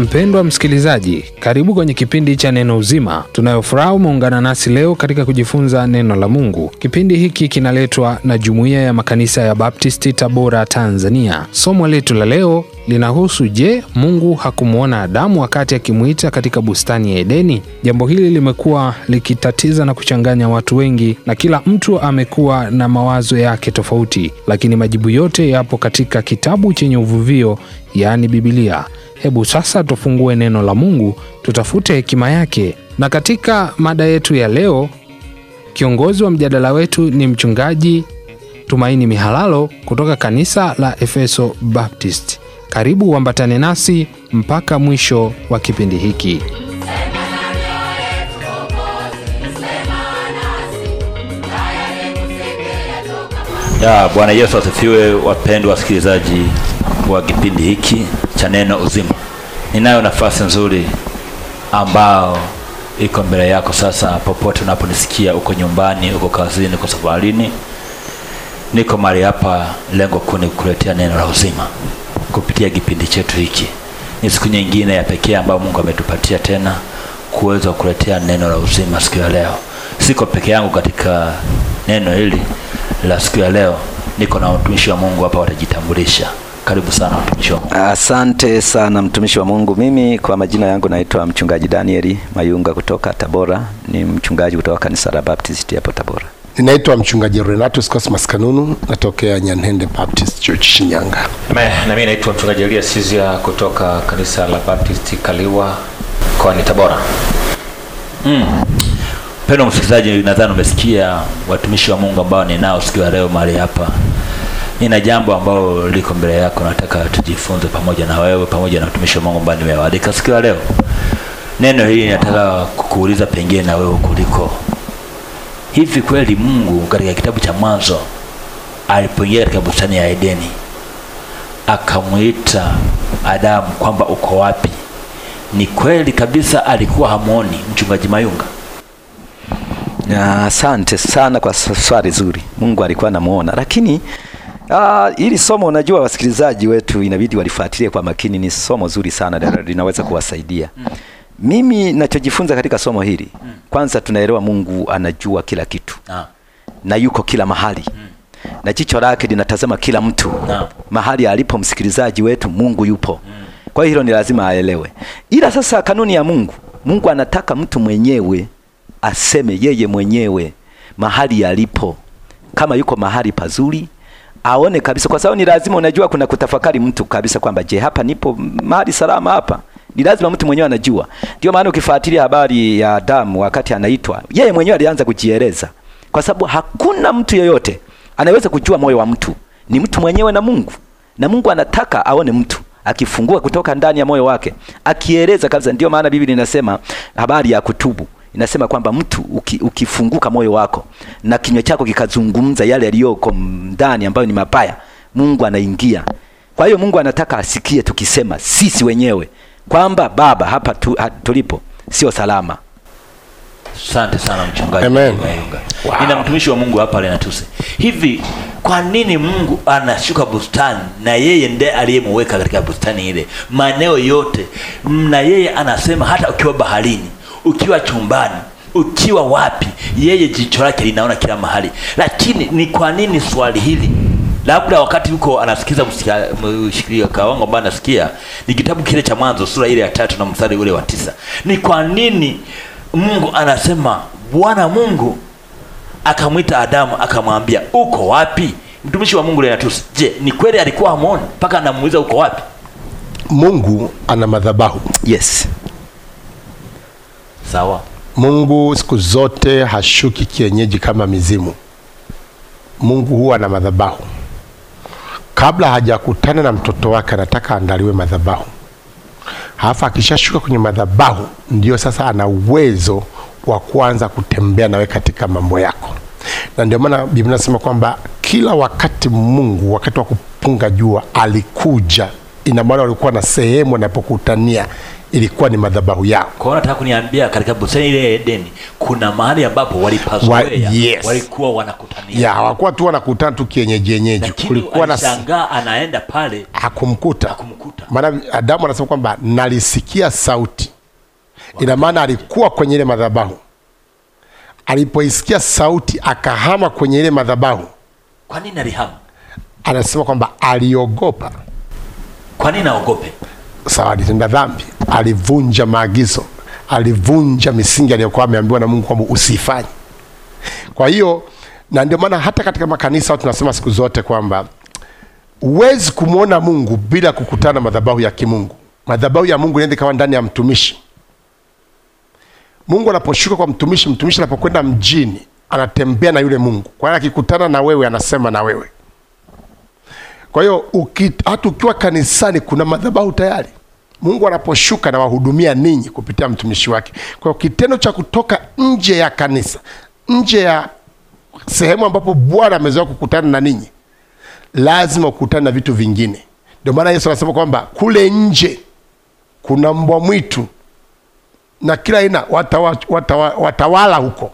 Mpendwa msikilizaji, karibu kwenye kipindi cha Neno Uzima. Tunayofuraha umeungana nasi leo katika kujifunza neno la Mungu. Kipindi hiki kinaletwa na Jumuiya ya Makanisa ya Baptisti Tabora, Tanzania. Somo letu la leo linahusu je, Mungu hakumwona Adamu wakati akimwita katika bustani ya Edeni? Jambo hili limekuwa likitatiza na kuchanganya watu wengi, na kila mtu amekuwa na mawazo yake tofauti, lakini majibu yote yapo katika kitabu chenye uvuvio, yaani Bibilia. Hebu sasa tufungue neno la Mungu, tutafute hekima yake. Na katika mada yetu ya leo, kiongozi wa mjadala wetu ni Mchungaji Tumaini Mihalalo kutoka kanisa la Efeso Baptist. Karibu uambatane nasi mpaka mwisho wa kipindi hiki. Ya Bwana Yesu asifiwe, wapendwa wasikilizaji wa kipindi hiki cha neno uzima. Ninayo nafasi nzuri ambao iko mbele yako sasa, popote unaponisikia, uko nyumbani, uko kazini, uko safarini, niko mahali hapa, lengo kuu ni kukuletea neno la uzima kupitia kipindi chetu hiki. Ni siku nyingine ya pekee ambayo Mungu ametupatia tena kuweza kuletea neno la uzima siku ya leo. Siko peke yangu katika neno hili la siku ya leo, niko na watumishi wa Mungu hapa, watajitambulisha. Karibu sana mtumishi wa Mungu. Asante sana mtumishi wa Mungu. Mimi kwa majina yangu naitwa mchungaji Danieli Mayunga kutoka Tabora, ni mchungaji kutoka kanisa la Baptist hapo Tabora. Ninaitwa mchungaji Renatus Cosmas Kanunu, natokea Nyanhende Baptist Church Shinyanga. Me, Na mimi naitwa mchungaji Elias Sizia kutoka kanisa la Baptist Kaliwa mkoani Tabora. Mm. Mpendwa msikilizaji, nadhani umesikia watumishi wa Mungu ambao ninao siku ya leo mahali hapa nina jambo ambalo liko mbele yako, nataka tujifunze pamoja na wewe pamoja na mtumishi wa Mungu ambaye nimewaalika siku ya leo. Neno hili nataka kukuuliza pengine na wewe kuliko hivi, kweli Mungu katika kitabu cha Mwanzo alipoingia katika bustani ya Edeni akamwita Adamu kwamba uko wapi? Ni kweli kabisa alikuwa hamoni mchungaji Mayunga? Asante sana kwa swali zuri. Mungu alikuwa anamuona, lakini Ah, ili somo unajua, wasikilizaji wetu inabidi walifuatilie kwa makini. Ni somo zuri sana mm. linaweza kuwasaidia mm. Mimi nachojifunza katika somo hili mm. Kwanza tunaelewa Mungu anajua kila kitu ah. na yuko kila mahali na jicho lake linatazama kila mtu ah. mahali alipo msikilizaji wetu, Mungu yupo Kwa hiyo hilo ni lazima aelewe, ila sasa kanuni ya Mungu, Mungu anataka mtu mwenyewe aseme yeye mwenyewe mahali alipo, kama yuko mahali pazuri aone kabisa, kwa sababu ni lazima, unajua kuna kutafakari mtu kabisa kwamba je, hapa nipo mahali salama hapa ni lazima mtu mwenyewe anajua. Ndio maana ukifuatilia habari ya Adamu wakati anaitwa, yeye mwenyewe alianza kujieleza, kwa sababu hakuna mtu yeyote anaweza kujua moyo wa mtu, ni mtu mwenyewe na Mungu, na Mungu anataka aone mtu akifungua kutoka ndani ya moyo wake, akieleza kabisa. Ndio maana Biblia inasema habari ya kutubu inasema kwamba mtu uki, ukifunguka moyo wako na kinywa chako kikazungumza yale yaliyoko ndani ambayo ni mabaya, Mungu anaingia. Kwa hiyo Mungu anataka asikie tukisema sisi wenyewe kwamba Baba, hapa tu, ha, tulipo sio salama. Asante sana mchungaji. Amen. Wow. Nina mtumishi wa Mungu hapa Lenatuse. Hivi kwa nini Mungu anashuka bustani na yeye ndiye aliyemweka katika bustani ile? Maeneo yote na yeye anasema hata ukiwa baharini ukiwa chumbani, ukiwa wapi, yeye jicho lake linaona kila mahali. Lakini ni kwa nini swali hili? Labda wakati huko anasikiza mshikilia kawango ambaye anasikia ni kitabu kile cha Mwanzo sura ile ya tatu na mstari ule wa tisa. Ni kwa nini Mungu anasema Bwana Mungu akamwita Adamu akamwambia uko wapi? Mtumishi wa Mungu Lenatus, je, ni kweli alikuwa hamuoni mpaka anamuuliza uko wapi? Mungu ana madhabahu. Yes sawa. Mungu siku zote hashuki kienyeji kama mizimu. Mungu huwa na madhabahu. Kabla hajakutana na mtoto wake, anataka andaliwe madhabahu, halafu akishashuka kwenye madhabahu, ndiyo sasa ana uwezo wa kuanza kutembea nawe katika mambo yako, na ndio maana Biblia inasema kwamba kila wakati Mungu wakati wa kupunga jua alikuja. Ina maana walikuwa na sehemu wanapokutania ilikuwa ni madhabahu yao. Kwa hiyo nataka kuniambia katika bustani ile Edeni kuna mahali ambapo walipaswa Wa, yes. walikuwa wanakutania. Ya, hawakuwa tu wanakutana tu kienyeji yenyeji. Kulikuwa na shangaa anaenda pale hakumkuta. Hakumkuta. Maana Adamu anasema kwamba nalisikia sauti. Ina maana alikuwa kwenye ile madhabahu. Alipoisikia sauti akahama kwenye ile madhabahu. Kwa nini alihama? Anasema kwamba aliogopa. Kwa nini naogope? Sawa, alitenda dhambi alivunja maagizo, alivunja misingi aliyokuwa ameambiwa na Mungu kwamba usifanye. Kwa hiyo na ndio maana hata katika makanisa tunasema siku zote kwamba huwezi kumwona Mungu bila kukutana na madhabahu ya kimungu. Madhabahu ya Mungu inaweza kama ndani ya mtumishi. Mungu anaposhuka kwa mtumishi, mtumishi anapokwenda mjini, anatembea na yule Mungu. Kwa hiyo akikutana na wewe, anasema na wewe. Kwa hiyo hata ukiwa kanisani, kuna madhabahu tayari. Mungu anaposhuka na wahudumia ninyi kupitia mtumishi wake. Kwa kitendo cha kutoka nje ya kanisa, nje ya sehemu ambapo Bwana amezoea kukutana na ninyi, lazima ukutane na vitu vingine. Ndio maana Yesu anasema kwamba kule nje kuna mbwa mwitu na kila aina watawa, watawa, watawala huko,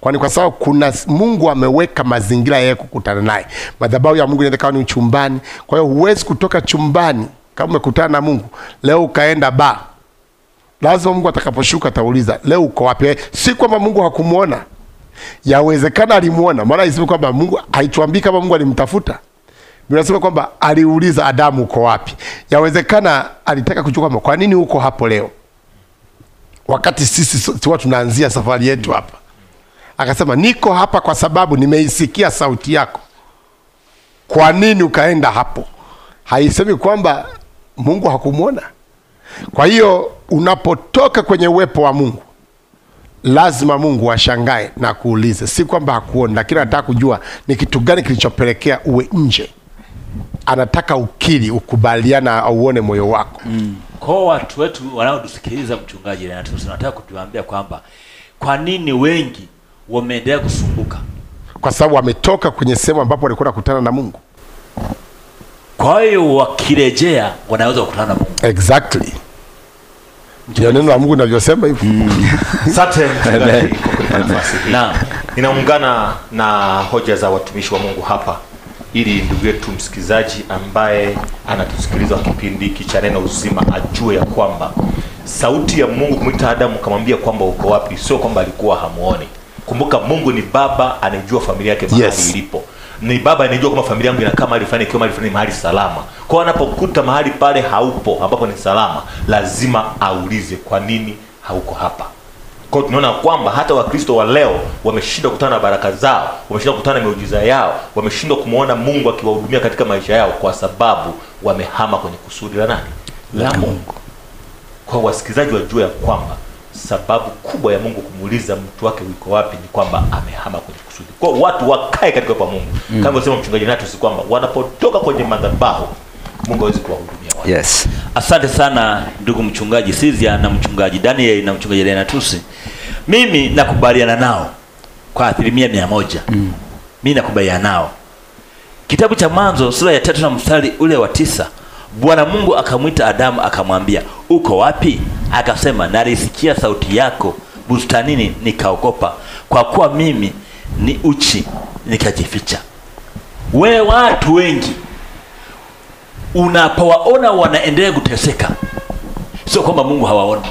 kwani kwa sababu kuna Mungu ameweka mazingira yeye kukutana naye. Madhabahu ya Mungu inaweza kuwa ni chumbani, kwa hiyo huwezi kutoka chumbani kama umekutana na Mungu leo ukaenda ba, lazima Mungu atakaposhuka atauliza leo uko wapi? Eh, si kwamba Mungu hakumuona, yawezekana alimuona. Maana isema kwamba Mungu haituambii kama Mungu alimtafuta Nasema kwamba aliuliza Adamu, uko wapi? Yawezekana alitaka kujua kwamba kwa nini uko hapo leo, wakati sisi tuwa tunaanzia safari yetu hapa. Akasema, niko hapa kwa sababu nimeisikia sauti yako. Kwa nini ukaenda hapo? Haisemi kwamba Mungu hakumwona. Kwa hiyo unapotoka kwenye uwepo wa Mungu lazima Mungu ashangae na kuulize, si kwamba hakuona, lakini anataka kujua ni kitu gani kilichopelekea uwe nje. Anataka ukiri, ukubaliana, auone moyo wako mm. Kwa watu wetu wanaotusikiliza, mchungaji, tunataka kutuambia kwamba kwa nini wengi wameendelea kusumbuka, kwa sababu wametoka kwenye sehemu ambapo walikuwa nakutana na Mungu. Kwa hiyo wakirejea wanaweza kukutana na Mungu. Exactly. Ndio neno la Mungu linavyosema hivyo. Mm. Asante. Naam. Ninaungana na hoja za watumishi wa Mungu hapa ili ndugu yetu msikilizaji ambaye anatusikiliza kipindi hiki cha neno uzima ajue ya kwamba sauti ya Mungu kumwita Adamu kamwambia kwamba uko wapi, sio kwamba alikuwa hamuoni. Kumbuka Mungu ni Baba, anaijua familia yake mahali yes, ilipo ni baba anijua kama familia yangu inakaa mahali fulani, ikiwa mahali fulani, mahali salama. Kwa anapokuta mahali pale haupo ambapo ni salama, lazima aulize kwa nini hauko hapa. Kwa tunaona kwamba hata Wakristo wa leo wameshindwa kukutana na baraka zao, wameshindwa kukutana na miujiza yao, wameshindwa kumwona Mungu akiwahudumia katika maisha yao kwa sababu wamehama kwenye kusudi la nani? La Mungu. Kwa wasikilizaji wajue ya kwamba sababu kubwa ya Mungu kumuuliza mtu wake wiko wapi ni kwamba amehama kwenye kusudi. Kwa watu wakae katika kwa Mungu mm. kama sema mchungaji si kwamba wanapotoka kwenye madhabahu Mungu hawezi kuwahudumia watu. Yes. Asante sana ndugu mchungaji Sizia na mchungaji Daniel na mchungaji Lena Tusi. Mimi nakubaliana nao kwa asilimia mia moja. Mm. Mimi nakubaliana nao. Kitabu cha Mwanzo sura ya tatu na mstari ule wa tisa, Bwana Mungu akamwita Adamu akamwambia, uko wapi? Akasema, nalisikia sauti yako bustanini, nikaogopa, kwa kuwa mimi ni uchi, nikajificha. We, watu wengi unapowaona wanaendelea kuteseka, sio kwamba Mungu hawaona.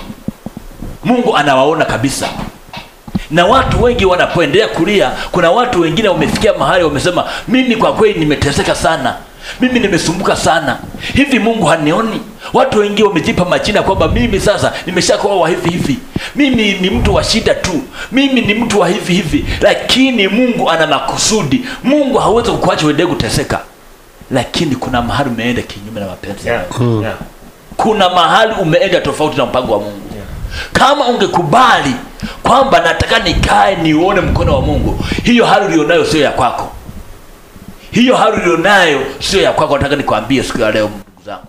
Mungu anawaona kabisa na watu wengi wanapoendelea kulia, kuna watu wengine wamefikia mahali wamesema, mimi kwa kweli nimeteseka sana, mimi nimesumbuka sana, hivi Mungu hanioni? Watu wengi wamejipa majina kwamba mimi sasa nimeshakuwa wa hivi hivi, mimi ni mtu wa shida tu, mimi ni mtu wa hivi hivi, lakini Mungu ana makusudi. Mungu hawezi kukuacha uende kuteseka, lakini kuna mahali umeenda kinyume na mapenzi yeah. Mm. Yeah. Kuna mahali umeenda tofauti na mpango wa Mungu yeah. Kama ungekubali kwamba nataka nikae niuone mkono wa Mungu, hiyo hali ulionayo sio ya kwako, hiyo hali ulionayo sio ya kwako. Nataka nikwambie siku ya leo, ndugu zangu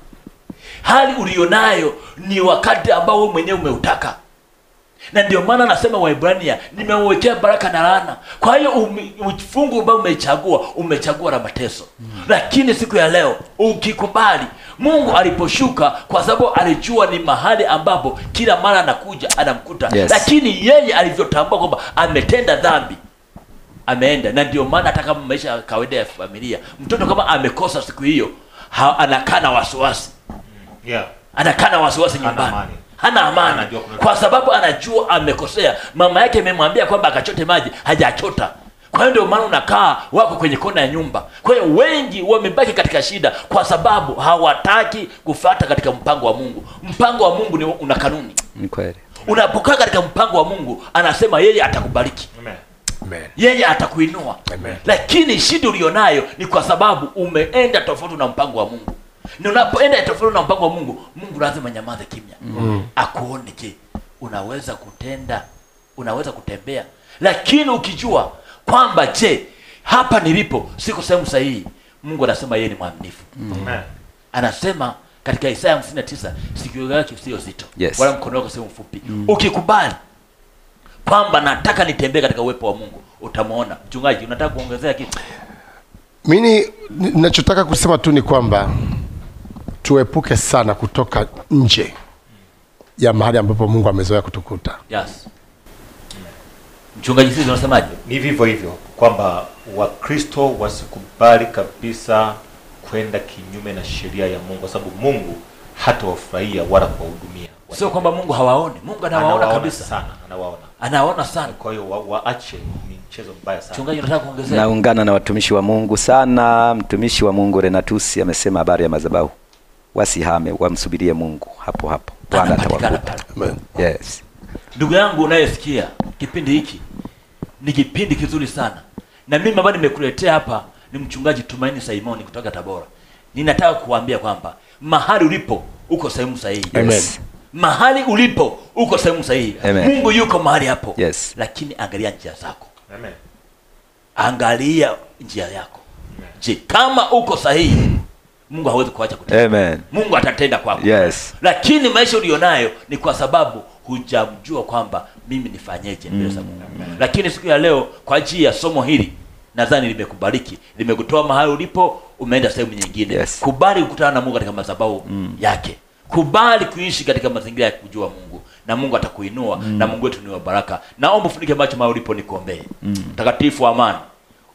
hali ulionayo ni wakati ambao wewe mwenyewe umeutaka na ndio maana nasema Waebrania, nimewekea baraka na laana. Kwa hiyo ufungu ambao umechagua, umechagua la mateso mm. Lakini siku ya leo ukikubali, Mungu aliposhuka, kwa sababu alijua ni mahali ambapo kila mara anakuja anamkuta yes. Lakini yeye alivyotambua kwamba ametenda dhambi ameenda, na ndio maana hata kama maisha ya kawaida ya familia, mtoto kama amekosa siku hiyo, anakaa na wasiwasi yeah. anakaa na wasiwasi nyumbani hana amani kwa sababu anajua amekosea. Mama yake imemwambia kwamba akachote maji, hajachota. Kwa hiyo ndio maana unakaa wako kwenye kona ya nyumba. Kwa hiyo wengi wamebaki katika shida kwa sababu hawataki kufata katika mpango wa Mungu. Mpango wa Mungu ni una kanuni. Ni kweli. Unapokaa katika mpango wa Mungu, anasema yeye atakubariki. Amen. Yeye atakuinua. Lakini shida ulionayo ni kwa sababu umeenda tofauti na mpango wa Mungu na unapoenda tofauti na mpango wa Mungu, Mungu lazima nyamaze kimya mm. akuone. Je, unaweza kutenda? Unaweza kutembea? Lakini ukijua kwamba je, hapa nilipo siko sehemu sahihi, Mungu anasema yeye ni mwaminifu mm. anasema katika Isaya 59 sikio lake sio zito yes. wala mkono wako sio mfupi mm. ukikubali kwamba nataka nitembee katika uwepo wa Mungu utamwona. Mchungaji, unataka kuongezea kitu? Mimi ninachotaka kusema tu ni kwamba mm tuepuke sana kutoka nje ya mahali ambapo Mungu amezoea kutukuta. Yes. Mchungaji, sisi unasemaje? Ni vivyo hivyo kwamba Wakristo wasikubali kabisa kwenda kinyume na sheria ya Mungu, kwa sababu Mungu hatawafurahia wala kuwahudumia. Sio kwamba Mungu hawaoni, Mungu anawaona, kabisa sana, anawaona anaona sana. Kwa hiyo waache wa mbaya sana. Mchungaji, nataka kuongezea. Naungana na watumishi wa Mungu sana. Mtumishi wa Mungu Renatus amesema habari ya madhabahu wasihame, wamsubirie Mungu hapo hapo, Bwana atawakuta. Yes. Ndugu yangu unayesikia kipindi hiki, ni kipindi kizuri sana, na mimi ambaye nimekuletea hapa ni mchungaji Tumaini Simoni kutoka Tabora. Ninataka kuambia kwamba mahali ulipo uko sehemu sahihi. Amen. Mahali ulipo uko sehemu sahihi. Mungu yuko mahali hapo. Yes. Lakini angalia njia zako. Amen. Angalia njia yako. Je, kama uko sahihi Mungu hawezi kuacha kutenda. Amen. Mungu atatenda kwako. Yes. Lakini maisha ulionayo ni kwa sababu hujamjua kwamba mimi nifanyeje mbele za Mungu. Mm. Amen. Lakini siku ya leo kwa ajili ya somo hili nadhani limekubariki, limekutoa mahali ulipo, umeenda sehemu nyingine. Yes. Kubali kukutana na Mungu katika madhabahu mm. yake. Kubali kuishi katika mazingira ya kujua Mungu na Mungu atakuinua mm. na Mungu wetu ni wa baraka. Naomba ufunike macho mahali ulipo nikuombee. Mm. Mtakatifu mm. wa amani,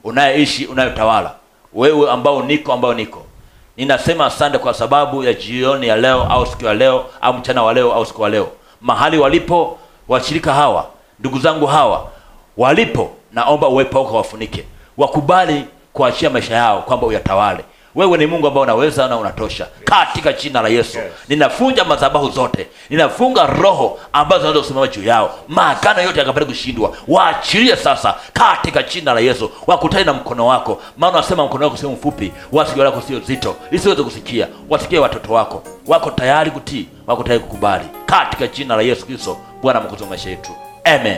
unayeishi, unayotawala, wewe ambao niko ambao niko Ninasema asante kwa sababu ya jioni ya leo au siku ya leo au mchana wa leo au siku ya leo, mahali walipo washirika hawa, ndugu zangu hawa walipo, naomba uwepo wako wafunike, wakubali kuachia maisha yao kwamba uyatawale. Wewe ni Mungu ambaye unaweza na unatosha. Katika jina la Yesu, ninafunja madhabahu zote, ninafunga roho ambazo zinaweza kusimama juu yao, maagano yote yakapata kushindwa, waachilie sasa katika jina la Yesu. Wakutane na mkono wako, maana unasema mkono wako sio mfupi, wasikio lako sio zito, lisiweze kusikia. Wasikie watoto wako, wako tayari kutii, wako tayari kukubali, katika jina la Yesu Kristo, Bwana Mwokozi wa maisha yetu, amen.